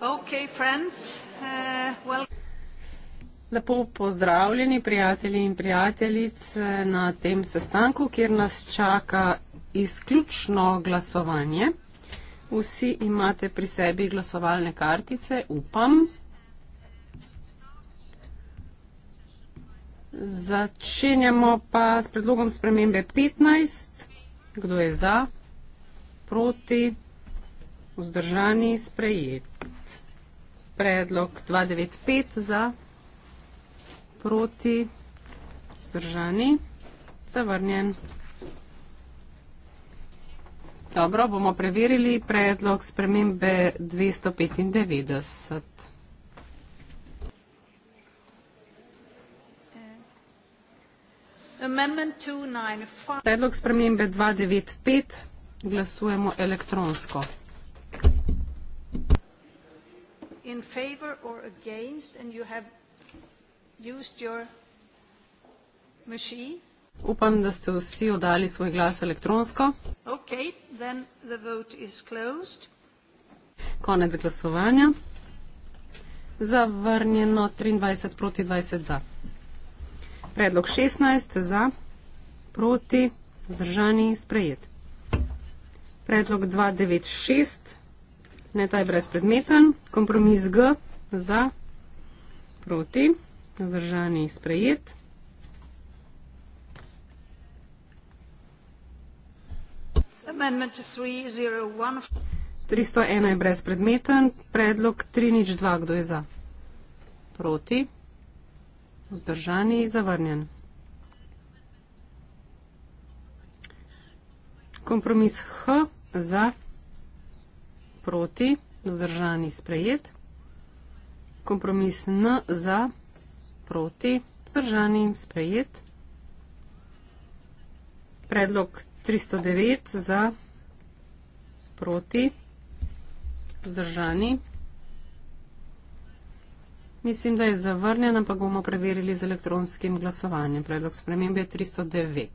Okay, friends, uh, well... Lepo pozdravljeni, prijatelji in prijateljice, na tem sestanku, kjer nas čaka izključno glasovanje. Vsi imate pri sebi glasovalne kartice, upam. Začenjamo pa s predlogom spremembe 15. Kdo je za? Proti? Vzdržani? Sprejet? predlog 295 za, proti, vzdržani, zavrnjen. Dobro, bomo preverili predlog spremembe 295. Predlog spremembe 295 glasujemo elektronsko in favor or against and you have used your machine? Upam, da ste vsi oddali svoj glas elektronsko. Okay, then the vote is closed. Konec glasovanja. Zavrnjeno 23 proti 20 za. Predlog 16 za, proti, vzdržani, sprejet. Predlog 296 Ne, ta je brezpredmeten. Kompromis G za, proti, zdržani sprejet. Amendment 301 je brezpredmeten. Predlog 302, kdo je za? Proti, zdržani, zavrnjen. Kompromis H za, proti proti, vzdržani sprejet. Kompromis N za, proti, vzdržani sprejet. Predlog 309 za, proti, vzdržani. Mislim, da je zavrnjen, ampak bomo preverili z elektronskim glasovanjem. Predlog spremembe je 309.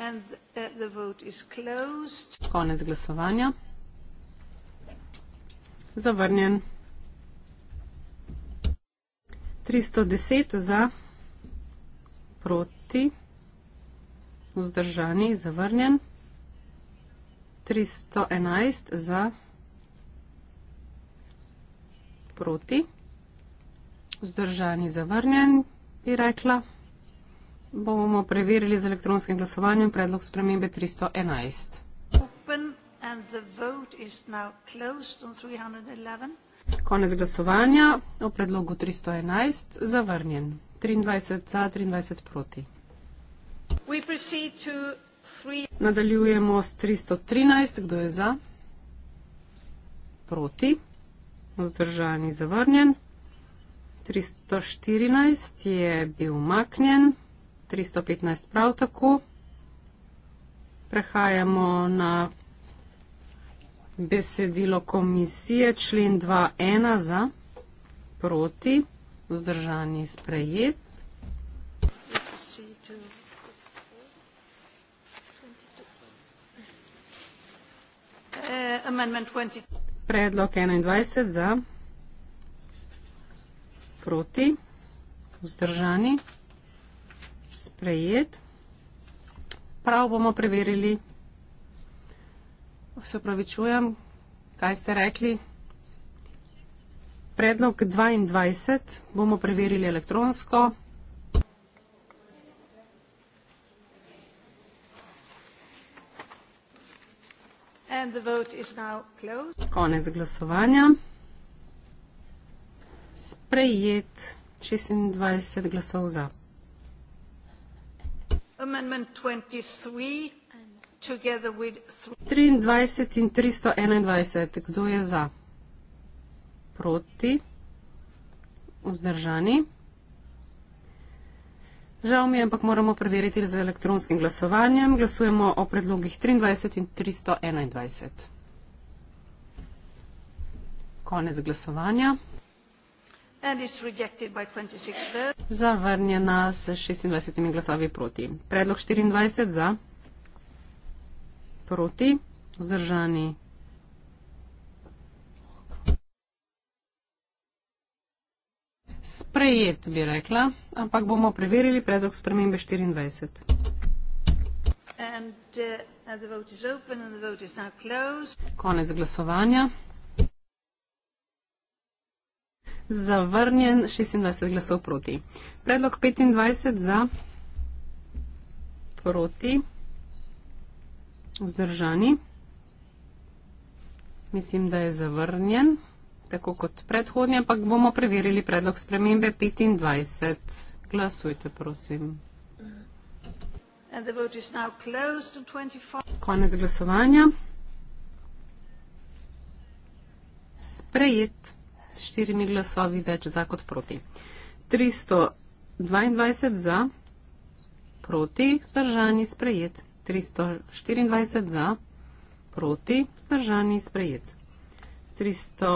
Uh, Konec glasovanja. Zavrnjen. 310 za, proti, vzdržani, zavrnjen. 311 za, proti, vzdržani, zavrnjen, bi rekla. 311 za, proti, vzdržani, zavrnjen bomo preverili z elektronskim glasovanjem predlog spremembe 311. Open and the vote is now closed on 311. Konec glasovanja o predlogu 311 zavrnjen. 23 za, 23 proti. We proceed to three... Nadaljujemo s 313. Kdo je za? Proti. Vzdržani zavrnjen. 314 je bil umaknjen. 315 prav tako. Prehajamo na besedilo komisije, člen 2.1 za proti, vzdržani sprejet. Eh, Predlog 21 za proti, vzdržani sprejet sprejet. Prav bomo preverili. Se pravi, čujem, kaj ste rekli. Predlog 22 bomo preverili elektronsko. Konec glasovanja. Sprejet 26 glasov za. 23 in 321. Kdo je za? Proti? Vzdržani? Žal mi je, ampak moramo preveriti z elektronskim glasovanjem. Glasujemo o predlogih 23 in 321. Konec glasovanja. Zavrnjena s 26 glasovi proti. Predlog 24 za, proti, vzdržani. Sprejet bi rekla, ampak bomo preverili predlog spremembe 24. And, uh, and the vote is open and the vote is now Konec glasovanja zavrnjen 26 glasov proti. Predlog 25 za proti vzdržani. Mislim, da je zavrnjen, tako kot predhodnje, ampak bomo preverili predlog spremembe 25. Glasujte, prosim. Konec glasovanja. Sprejet s štirimi glasovi več za kot proti. 322 za, proti, zdržani, sprejet. 324 za, proti, zdržani, sprejet. 300,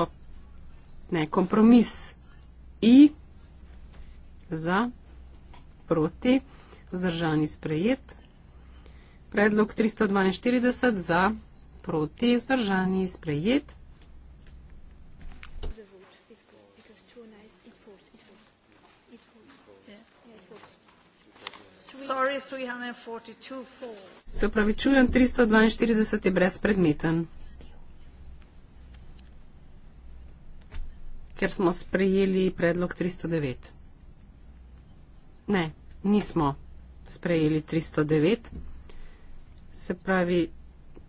ne, kompromis I za, proti, zdržani, sprejet. Predlog 342 za, proti, zdržani, sprejet. Sorry, 342, Se upravičujem, 342 je brezpredmeten. Ker smo sprejeli predlog 309. Ne, nismo sprejeli 309. Se pravi,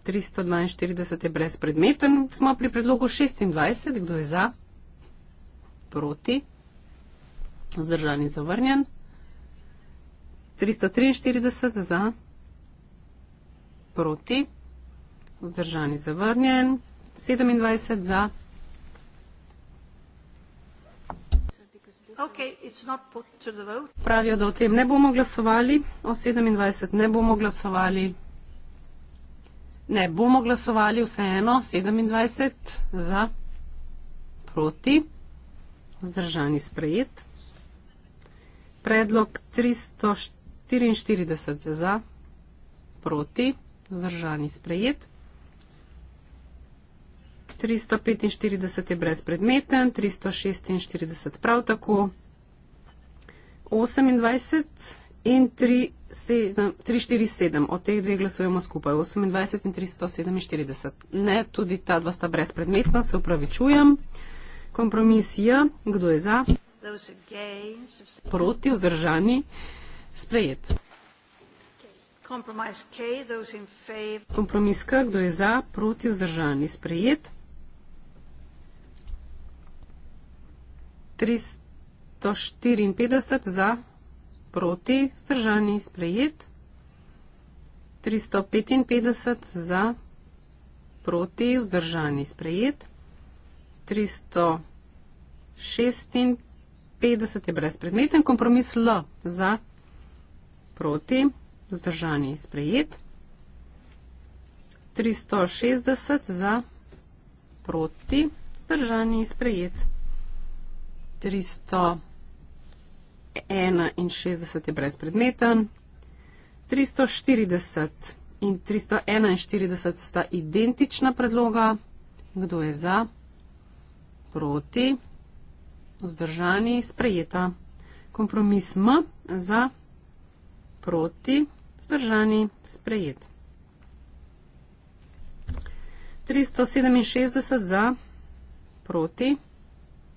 342 je brezpredmeten. Smo pri predlogu 26. Kdo je za? Proti? Vzdržan in zavrnjen. 343 za, proti, vzdržani zavrnjen, 27 za. Okay, Pravijo, da o tem ne bomo glasovali, o 27 ne bomo glasovali. Ne bomo glasovali vseeno, 27 za, proti, vzdržani sprejet. Predlog 340. 44 za, proti, vzdržani sprejet. 345 je brezpredmeten, 346 prav tako, 28 in 347, od teh dveh glasujemo skupaj, 28 in 347. Ne, tudi ta dva sta brezpredmetna, se upravičujem. Kompromisija, kdo je za? Proti, vzdržani sprejet. Kompromis K, kdo je za, proti vzdržani, sprejet. 354 za, proti vzdržani, sprejet. 355 za, proti vzdržani, sprejet. 356 je brezpredmeten kompromis L za, proti, vzdržani je sprejet. 360 za proti, vzdržani je sprejet. 361 je brezpredmeten. 340 in 341 sta identična predloga. Kdo je za? Proti, vzdržani, sprejeta. Kompromis M za proti, vzdržani, sprejet. 367 za, proti,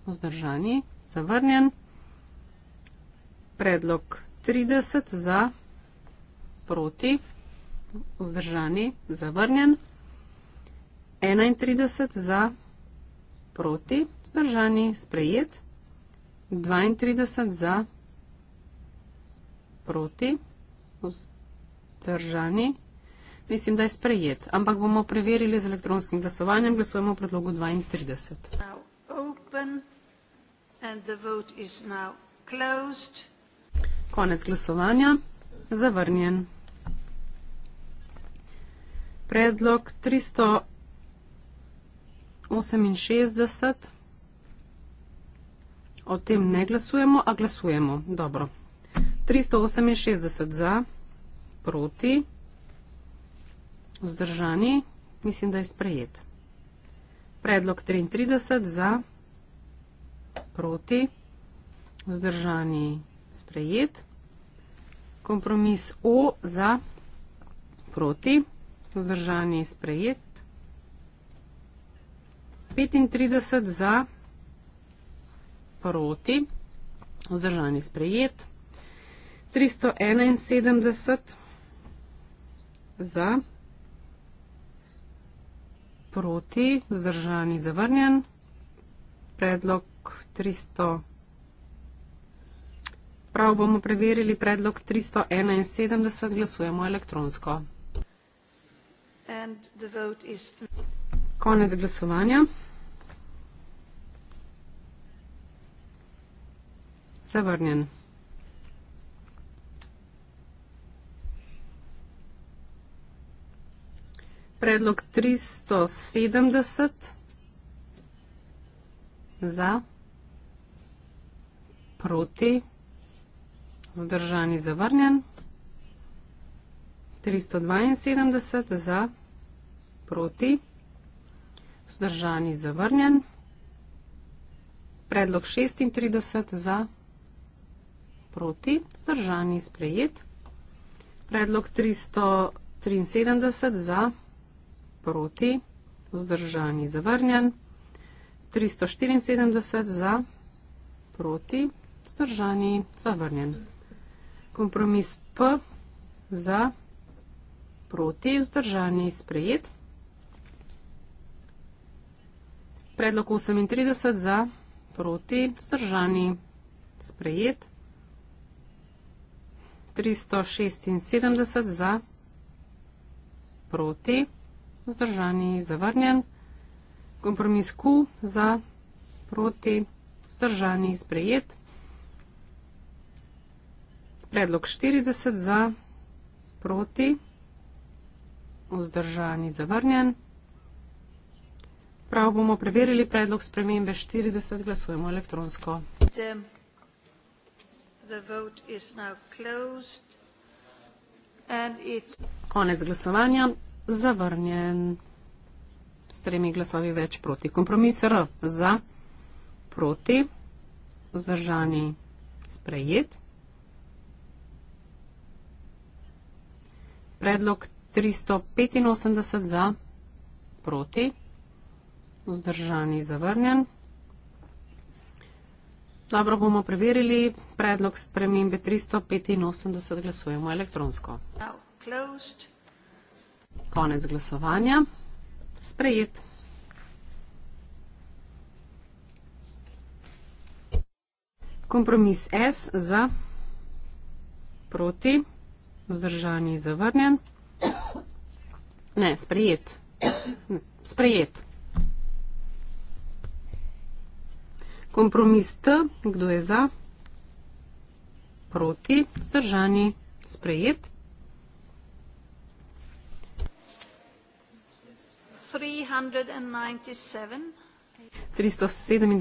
vzdržani, zavrnjen. Predlog 30 za, proti, vzdržani, zavrnjen. 31 za, proti, vzdržani, sprejet. 32 za, proti, vzdržani vzdržani. Mislim, da je sprejet, ampak bomo preverili z elektronskim glasovanjem. Glasujemo v predlogu 32. Open and the vote is now closed. Konec glasovanja. Zavrnjen. Predlog 368. O tem ne glasujemo, a glasujemo. Dobro. 368 za, proti, vzdržani, mislim, da je sprejet. Predlog 33 za, proti, vzdržani, sprejet. Kompromis O za, proti, vzdržani, sprejet. 35 za, proti, vzdržani, sprejet. 371 za, proti, vzdržani, zavrnjen, predlog 300. Prav bomo preverili predlog 371, glasujemo elektronsko. And the vote is... Konec glasovanja. Zavrnjen. predlog 370 za, proti, zdržani zavrnjen, 372 za, proti, zdržani zavrnjen, predlog 36 za, proti, zdržani sprejet, predlog 373 za, proti, proti, vzdržani, zavrnjen, 374 za, proti, vzdržani, zavrnjen. Kompromis P za, proti, vzdržani, sprejet. Predlog 38 za, proti, vzdržani, sprejet. 376 za, proti, vzdržani, sprejet vzdržani, zavrnjen. Kompromis Q za, proti, vzdržani, sprejet. Predlog 40 za, proti, vzdržani, zavrnjen. Prav bomo preverili predlog spremembe 40, glasujemo elektronsko. Konec glasovanja zavrnjen. S tremi glasovi več proti. Kompromis R za, proti, vzdržani, sprejet. Predlog 385 za, proti, vzdržani, zavrnjen. Dobro bomo preverili predlog spremembe 385. Glasujemo elektronsko. Now, Konec glasovanja. Sprejet. Kompromis S za proti, vzdržani zavrnjen. Ne, sprejet. Ne, sprejet. Kompromis T, kdo je za? Proti, vzdržani, sprejet. 397. 397 in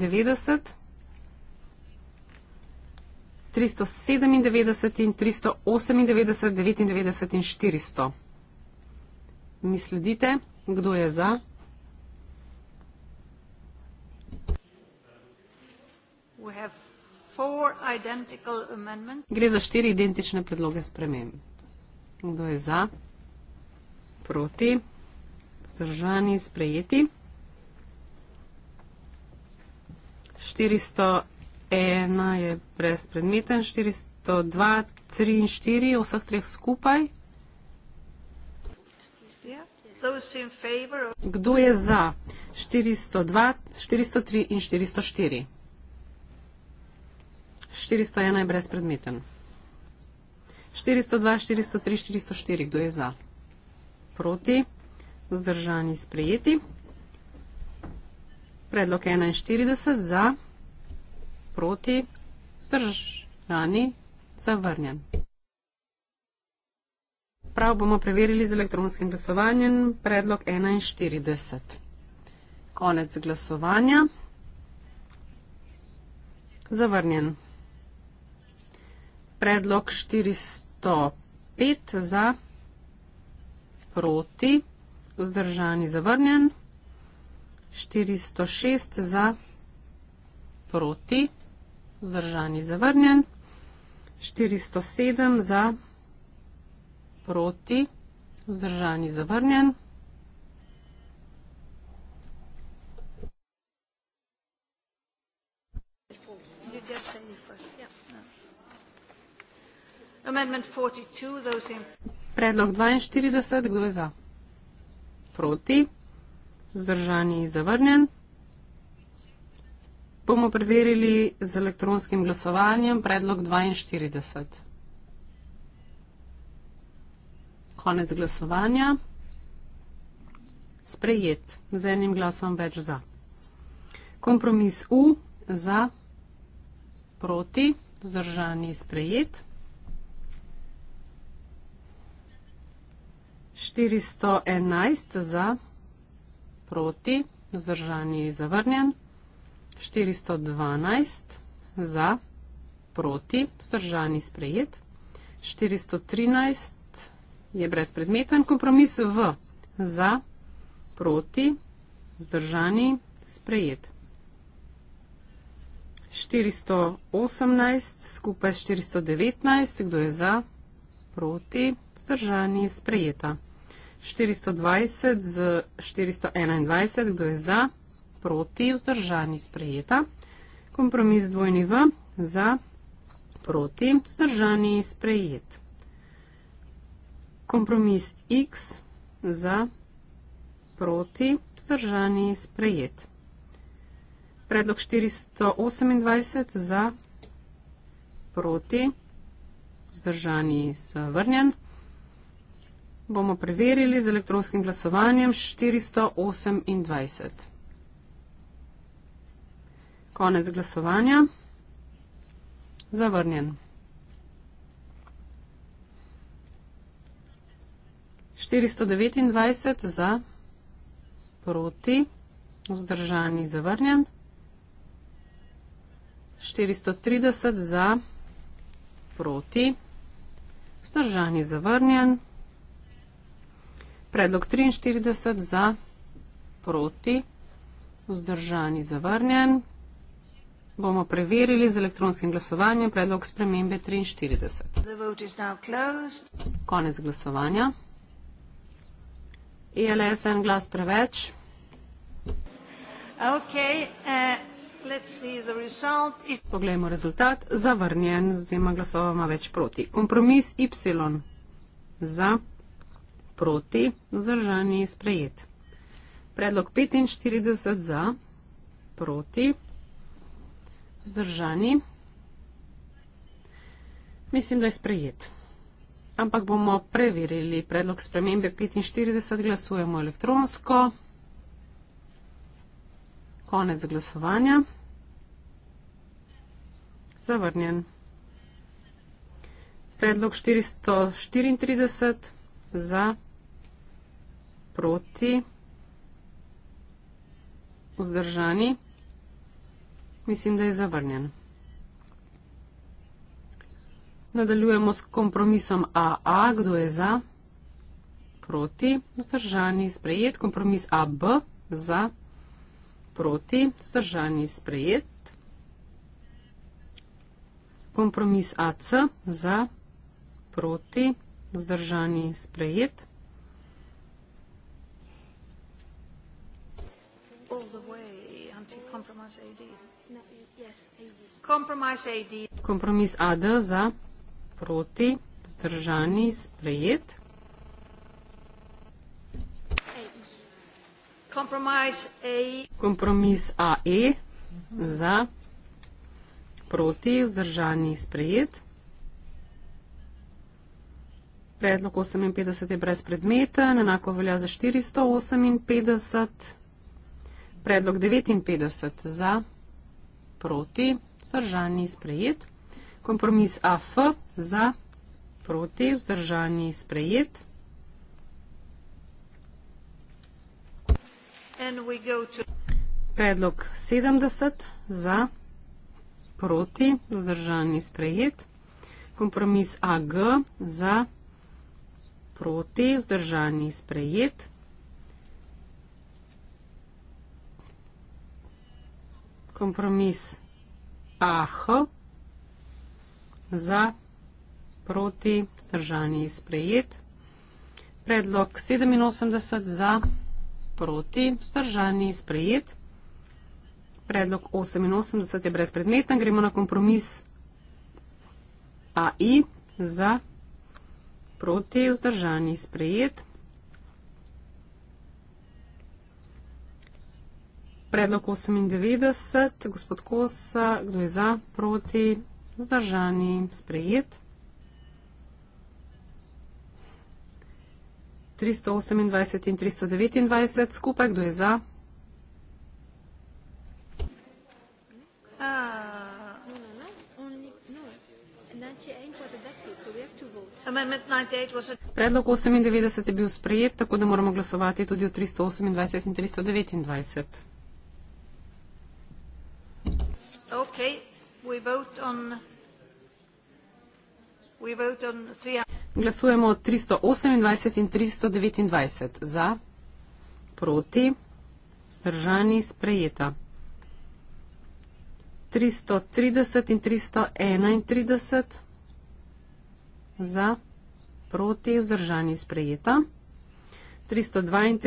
398, 99 in 400. Mi sledite, kdo je za? Gre za štiri identične predloge sprememb. Kdo je za? Proti? Zdržani, sprejeti. 401 je brezpredmeten, 402, 3 in 4, vseh treh skupaj. Kdo je za 402, 403 in 404? 401 je brezpredmeten. 402, 403, 404, kdo je za? Proti vzdržani sprejeti. Predlog 41 za, proti, vzdržani zavrnjen. Prav bomo preverili z elektronskim glasovanjem predlog 41. Konec glasovanja. Zavrnjen. Predlog 405 za, proti, vzdržani zavrnjen vzdržani zavrnjen, 406 za proti, vzdržani zavrnjen, 407 za proti, vzdržani zavrnjen. Predlog 42, kdo je za? proti, vzdržani zavrnjen. Bomo preverili z elektronskim glasovanjem predlog 42. Konec glasovanja. Sprejet z enim glasom več za. Kompromis U za proti, vzdržani sprejet. 411 za, proti, vzdržani je zavrnjen. 412 za, proti, vzdržani sprejet. 413 je brezpredmeten kompromis v, za, proti, vzdržani sprejet. 418 skupaj s 419, kdo je za, proti, vzdržani sprejeta. 420 z 421, kdo je za, proti, vzdržani, sprejeta. Kompromis dvojni v, za, proti, vzdržani, sprejet. Kompromis x, za, proti, vzdržani, sprejet. Predlog 428 za, proti, vzdržani, zavrnjen bomo preverili z elektronskim glasovanjem 428. Konec glasovanja. Zavrnjen. 429 za, proti, vzdržani, zavrnjen. 430 za, proti, vzdržani, zavrnjen. Predlog 43 za, proti, vzdržani, zavrnjen. Bomo preverili z elektronskim glasovanjem predlog spremembe 43. Konec glasovanja. ILS e en glas preveč. Okay, uh, is... Poglejmo rezultat. Zavrnjen z dvema glasovama več proti. Kompromis Y za proti, vzdržani je sprejet. Predlog 45 za, proti, vzdržani. Mislim, da je sprejet. Ampak bomo preverili predlog spremembe 45, glasujemo elektronsko. Konec glasovanja. Zavrnjen. Predlog 434 za proti, vzdržani. Mislim, da je zavrnjen. Nadaljujemo s kompromisom AA, kdo je za, proti, vzdržani, sprejet. Kompromis AB, za, proti, vzdržani, sprejet. Kompromis AC, za, proti, vzdržani, sprejet. all the way until compromise AD. No, yes, AD. Compromise AD. Kompromis AD za proti zdržani sprejet. Kompromis AE za proti vzdržani sprejet. Predlog 58 je brezpredmeten, enako velja za 458 predlog 59 za, proti, vzdržani sprejet. Kompromis AF za, proti, vzdržani sprejet. Predlog 70 za, proti, vzdržani sprejet. Kompromis AG za, proti, vzdržani sprejet. Kompromis AG za, proti, vzdržani sprejet. kompromis aho za proti vzdržanje izprejet. Predlog 87 za proti vzdržanje izprejet. Predlog 88 je brezpredmeten. Gremo na kompromis AI za proti vzdržanje izprejet. Predlog 98, gospod Kosa, kdo je za, proti, vzdržani, sprejet. 328 in 329 skupaj, kdo je za? Ah, no, no, no, Predlog 98 je bil sprejet, tako da moramo glasovati tudi o 328 in 329. Okay, we vote on we vote on three. Glasujemo 328 in 329 za, proti, zdržani, sprejeta. 330 in 331 za, proti, vzdržani, sprejeta. 332 in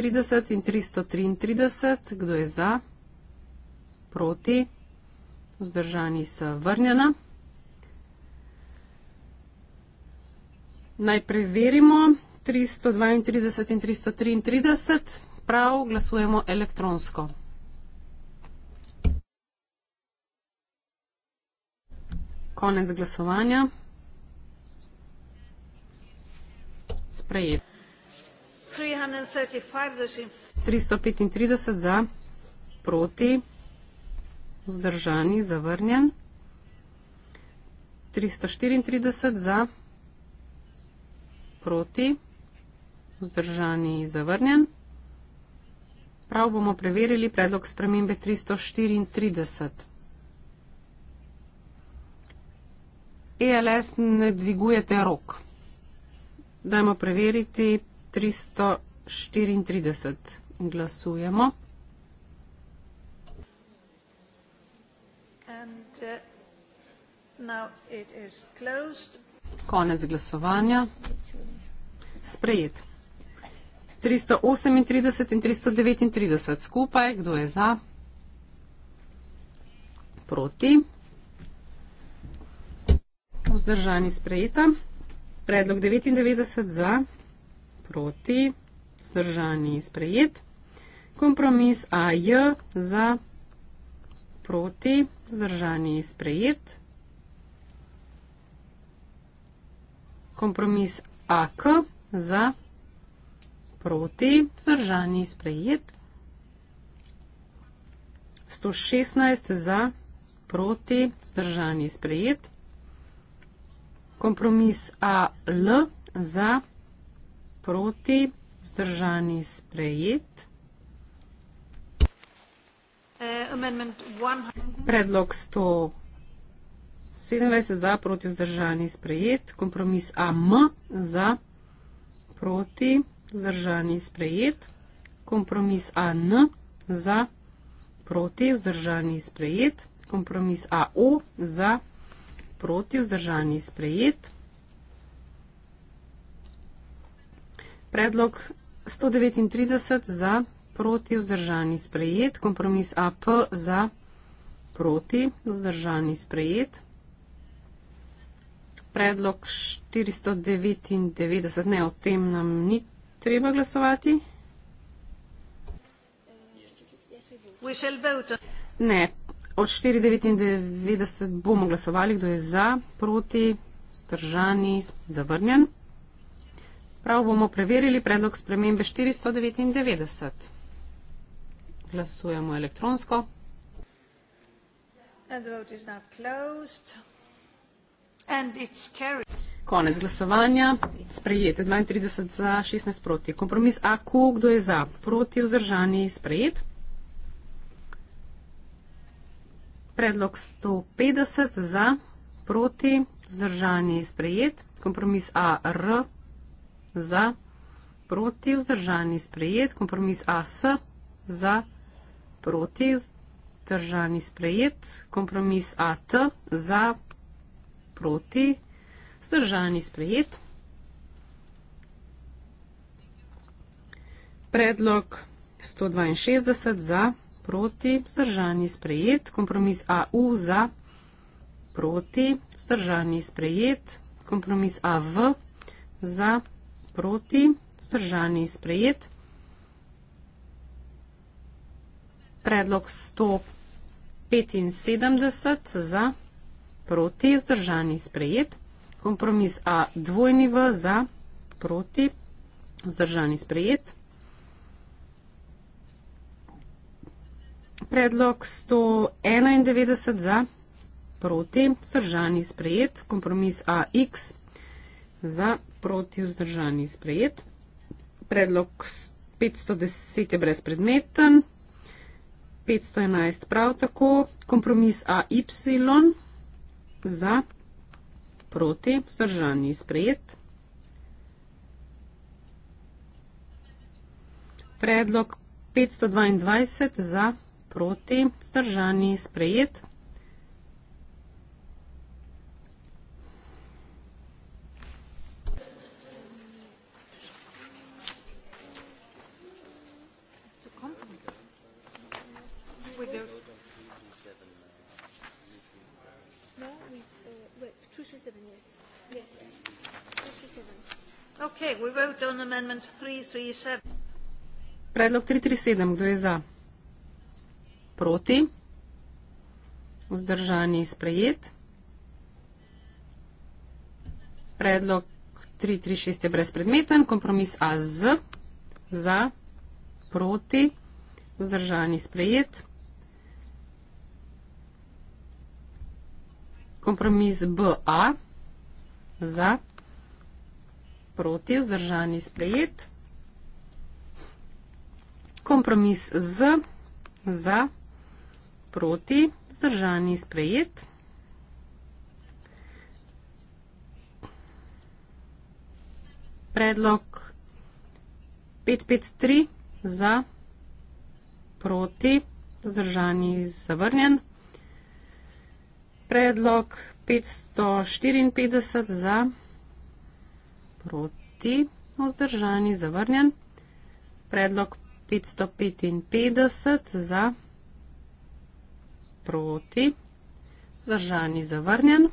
333, kdo je za, proti, vzdržani vzdržani so vrnjena. Naj preverimo 332 in 333, prav glasujemo elektronsko. Konec glasovanja. Sprejet. 335 za, proti vzdržani, zavrnjen, 334 za, proti, vzdržani, zavrnjen. Prav bomo preverili predlog spremembe 334. ELS ne dvigujete rok. Dajmo preveriti 334. Glasujemo. 334. Konec glasovanja. Sprejet. 338 in 339 skupaj. Kdo je za? Proti. Vzdržani sprejeta. Predlog 99 za. Proti. Vzdržani sprejet. Kompromis AJ za proti, zdržani sprejet. Kompromis AK za proti, zdržani sprejet. 116 za proti, zdržani sprejet. Kompromis AL za proti, zdržani sprejet. 116 za proti, zdržani sprejet. Predlog 127 za proti vzdržani sprejet, kompromis AM za proti vzdržani sprejet, kompromis AN za proti vzdržani sprejet, kompromis AO za proti vzdržani sprejet. Predlog 139 za proti vzdržani sprejet proti, vzdržani sprejet, kompromis AP za proti, vzdržani sprejet. Predlog 499, ne, o tem nam ni treba glasovati. Ne, od 499 bomo glasovali, kdo je za, proti, vzdržani, zavrnjen. Prav bomo preverili predlog spremembe 499. Glasujemo elektronsko. Konec glasovanja. Sprejet je 32 za 16 proti. Kompromis AQ, kdo je za? Proti vzdržani sprejet. Predlog 150 za, proti vzdržani sprejet. Kompromis AR za, proti vzdržani sprejet. Kompromis AS za, proti vzdržani sprejet proti, vzdržani sprejet, kompromis AT za, proti, vzdržani sprejet. Predlog 162 za, proti, vzdržani sprejet, kompromis AU za, proti, vzdržani sprejet, kompromis AV za, proti, vzdržani sprejet. predlog 175 za, proti, vzdržani sprejet. Kompromis A dvojni v za, proti, vzdržani sprejet. Predlog 191 za, proti, vzdržani sprejet. Kompromis A x za, proti, vzdržani sprejet. Predlog 510 je brezpredmeten. 511 prav tako, kompromis AY za, proti, vzdržani sprejet. Predlog 522 za, proti, vzdržani sprejet. Okay, we vote on amendment 337. Predlog 337, kdo je za? Proti? Vzdržani sprejet? Predlog 336 je brezpredmeten, kompromis AZ, za, proti, vzdržani sprejet. Kompromis BA, za, proti proti, vzdržani sprejet. Kompromis z, za, proti, vzdržani sprejet. Predlog 553 za, proti, vzdržani zavrnjen. Predlog 554 za, proti, vzdržani sprejet proti, vzdržani, zavrnjen. Predlog 555 za, proti, vzdržani, zavrnjen.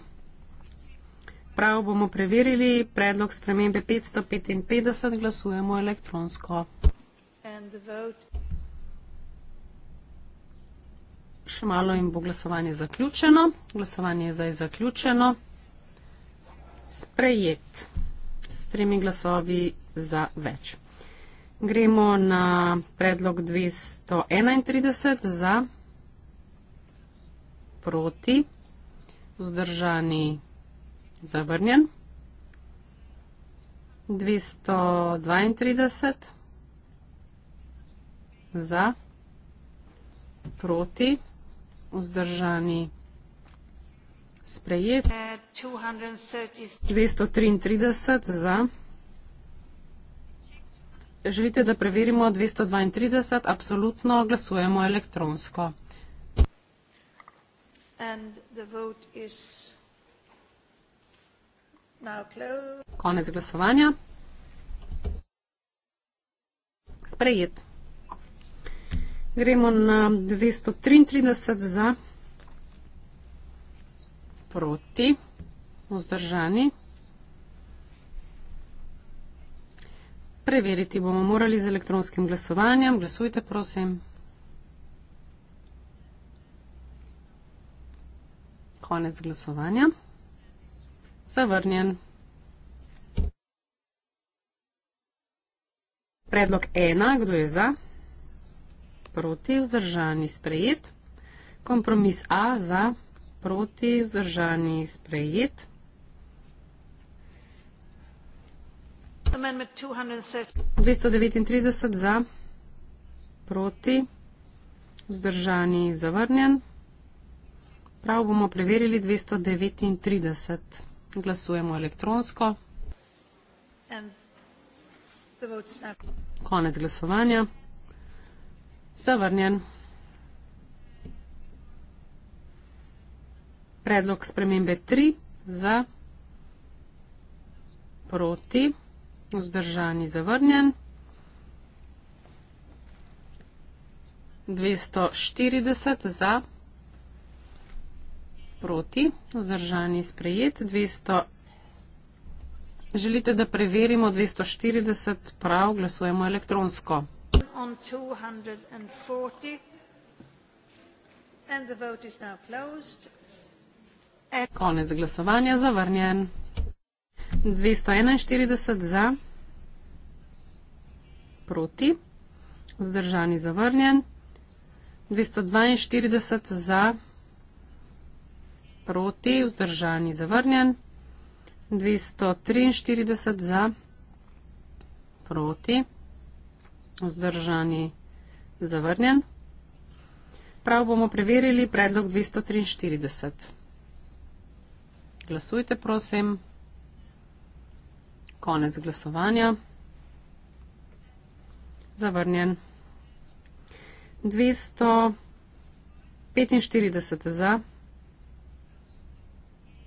Prav bomo preverili predlog spremembe 555, glasujemo elektronsko. Še malo in bo glasovanje zaključeno. Glasovanje je zdaj zaključeno. Sprejet tremi glasovi za več. Gremo na predlog 231 za, proti, vzdržani, zavrnjen. 232 za, proti, vzdržani, zavrnjen sprejet. 233 uh, za. Želite, da preverimo 232? Absolutno glasujemo elektronsko. Konec glasovanja. Sprejet. Gremo na 233 za proti, vzdržani. Preveriti bomo morali z elektronskim glasovanjem. Glasujte, prosim. Konec glasovanja. Zavrnjen. Predlog ena. Kdo je za? Proti, vzdržani, sprejet. Kompromis A za proti, vzdržani sprejet. Amendment 239 za, proti, vzdržani zavrnjen. Prav bomo preverili 239. Glasujemo elektronsko. Konec glasovanja. Zavrnjen. predlog spremembe 3 za proti, vzdržani zavrnjen. 240 za proti, vzdržani sprejet. 200. Želite, da preverimo 240 prav, glasujemo elektronsko. And the vote is now closed. E, konec glasovanja zavrnjen. 241 za, proti, vzdržani zavrnjen. 242 za, proti, vzdržani zavrnjen. 243 za, proti, vzdržani zavrnjen. Prav bomo preverili predlog 243 glasujte, prosim. Konec glasovanja. Zavrnjen. 245 za,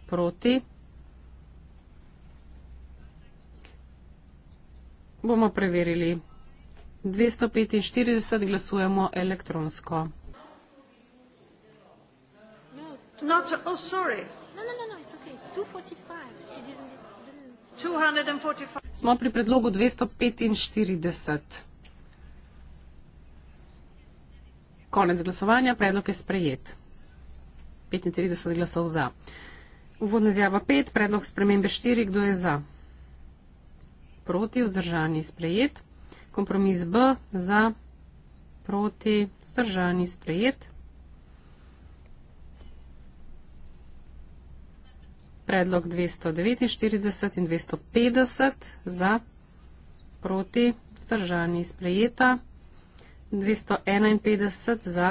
proti. Bomo preverili. 245 glasujemo elektronsko. Not, oh, sorry. No, no, no, no. Smo pri predlogu 245. Konec glasovanja, predlog je sprejet. 35 glasov za. Uvodna izjava 5, predlog spremembe 4, kdo je za? Proti, vzdržani, sprejet. Kompromis B, za, proti, vzdržani, sprejet. predlog 249 in 250 za proti vzdržani sprejeta, 251 za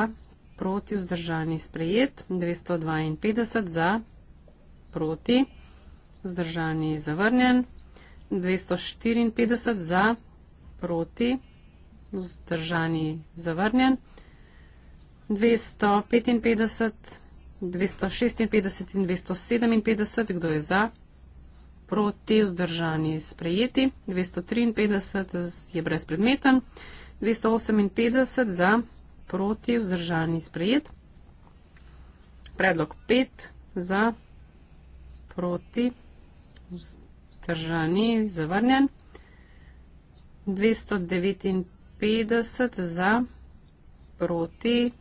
proti vzdržani sprejet, 252 za proti vzdržani zavrnjen, 254 za proti vzdržani zavrnjen, 255 256 in 257, kdo je za, proti, vzdržani, sprejeti, 253 je brezpredmeten, 258 za, proti, vzdržani, sprejet, predlog 5 za, proti, vzdržani, zavrnjen, 259 za, proti, vzdržani,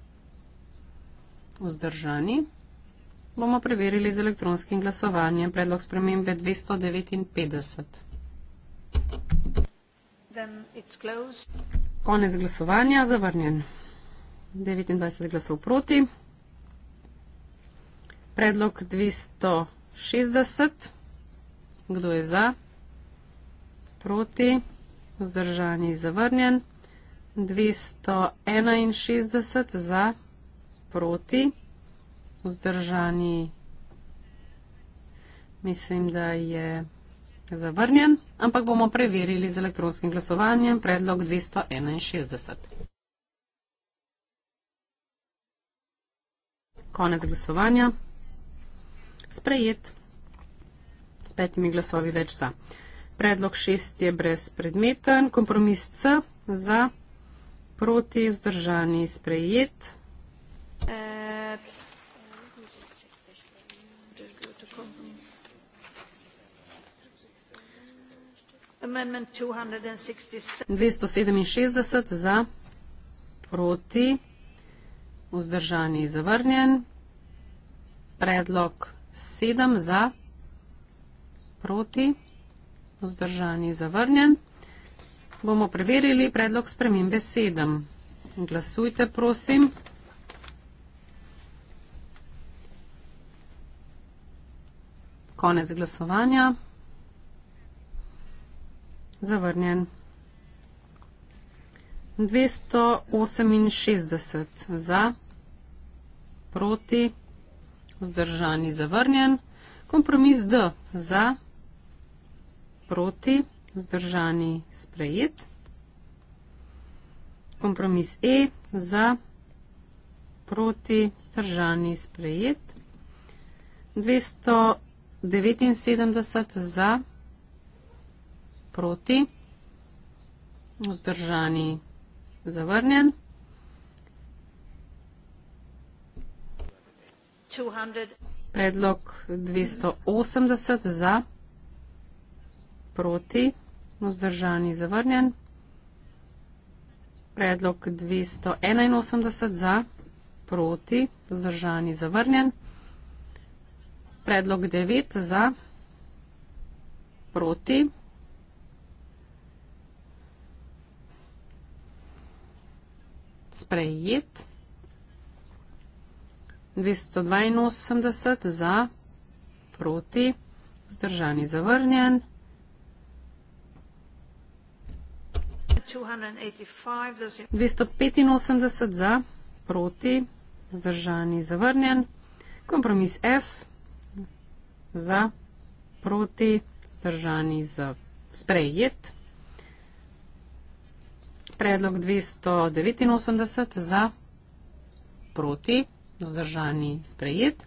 Vzdržani. Bomo preverili z elektronskim glasovanjem predlog spremembe 259. Konec glasovanja, zavrnjen. 29 glasov proti. Predlog 260. Kdo je za? Proti. Vzdržani zavrnjen. 261 za proti, vzdržani mislim, da je zavrnjen, ampak bomo preverili z elektronskim glasovanjem predlog 261. Konec glasovanja. Sprejet. S petimi glasovi več za. Predlog šest je brezpredmeten. Kompromis C za proti vzdržani sprejet. 267 uh, za, proti, vzdržani zavrnjen, predlog 7 za, proti, vzdržani zavrnjen. Bomo preverili predlog spremembe 7. Glasujte, prosim. Konec glasovanja. Zavrnjen. 268 za, proti, vzdržani, zavrnjen. Kompromis D za, proti, vzdržani, sprejet. Kompromis E za, proti, vzdržani, sprejet. 200 79 za, proti, vzdržani, zavrnjen. 200. Predlog 280 za, proti, vzdržani, zavrnjen. Predlog 281 za, proti, vzdržani, zavrnjen predlog 9 za, proti. Sprejet. 282 za, proti, vzdržani zavrnjen. 285 za, proti, vzdržani zavrnjen. Kompromis F za, proti, vzdržani za sprejet. Predlog 289 za, proti, vzdržani sprejet.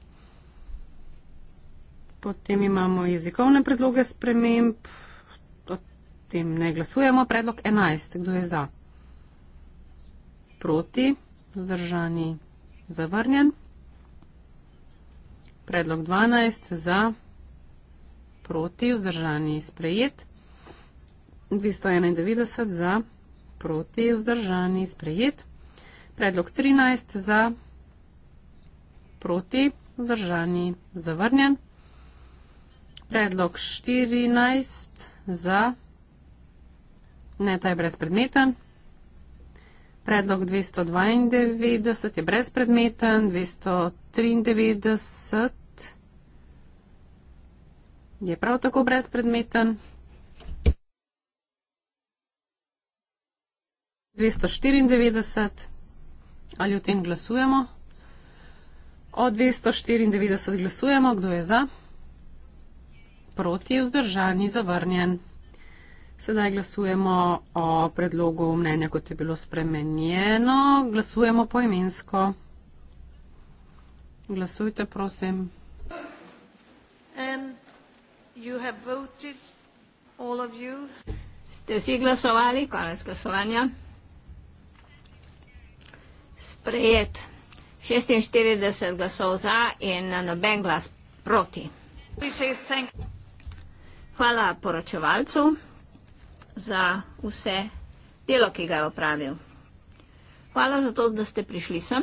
Potem imamo jezikovne predloge sprememb, o tem ne glasujemo. Predlog 11, kdo je za, proti, vzdržani, zavrnjen predlog 12 za proti vzdržani sprejet, 291 za proti vzdržani sprejet, predlog 13 za proti vzdržani zavrnjen, predlog 14 za ne, ta je brezpredmeten, predlog 292 je brezpredmeten, 293 je prav tako brezpredmeten. 294 ali o tem glasujemo? O 294 glasujemo, kdo je za? Proti, vzdržani, zavrnjen. Sedaj glasujemo o predlogu mnenja, kot je bilo spremenjeno. Glasujemo poimensko. Glasujte, prosim. You have voted, all of you. Ste vsi glasovali? Konec glasovanja. Sprejet. 46 glasov za in noben glas proti. Hvala poročevalcu za vse delo, ki ga je opravil. Hvala za to, da ste prišli sem.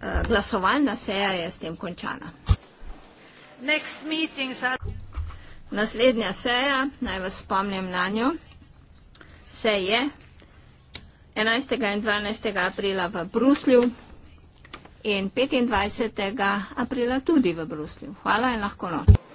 Eh, glasovalna seja je s tem končana. Naslednja seja, naj vas spomnim na njo, se je 11. in 12. aprila v Bruslju in 25. aprila tudi v Bruslju. Hvala in lahko noč.